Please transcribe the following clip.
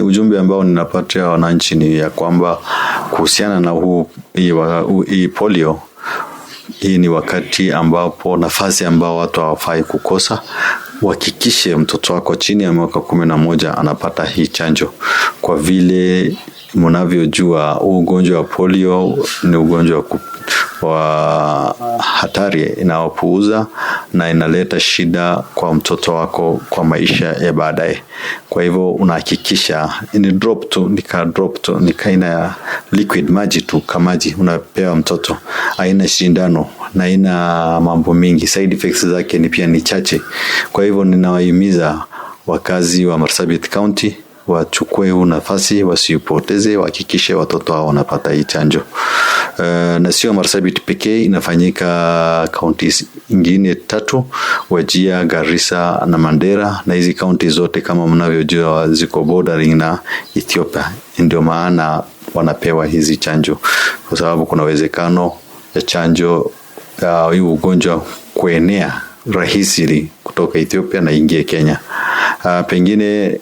Ujumbe ambao ninapatia wananchi ni ya kwamba kuhusiana na huu hii polio hii ni wakati ambapo nafasi ambao watu hawafai kukosa. Uhakikishe mtoto wako chini ya mwaka kumi na moja anapata hii chanjo, kwa vile mnavyojua huu ugonjwa wa polio ni ugonjwa wa hatari inayopuuza na inaleta shida kwa mtoto wako kwa maisha ya baadaye. Kwa hivyo unahakikisha ni drop tu, nika drop tu, nika aina ya liquid maji tu, kamaji unapewa mtoto, aina shindano na ina mambo mingi, side effects zake ni pia ni chache. Kwa hivyo ninawahimiza wakazi wa Marsabit County wachukue huu nafasi, wasiupoteze, wahakikishe watoto hao wanapata hii chanjo. Eh, na sio Marsabit pekee, inafanyika kaunti ingine tatu, Wajia, Garissa na Mandera, na hizi kaunti zote kama mnavyojua ziko bordering na Ethiopia, ndio maana wanapewa hizi chanjo kwa sababu kuna uwezekano ya chanjo uh, hii uh, ugonjwa kuenea rahisi kutoka Ethiopia na ingie Kenya. Uh, pengine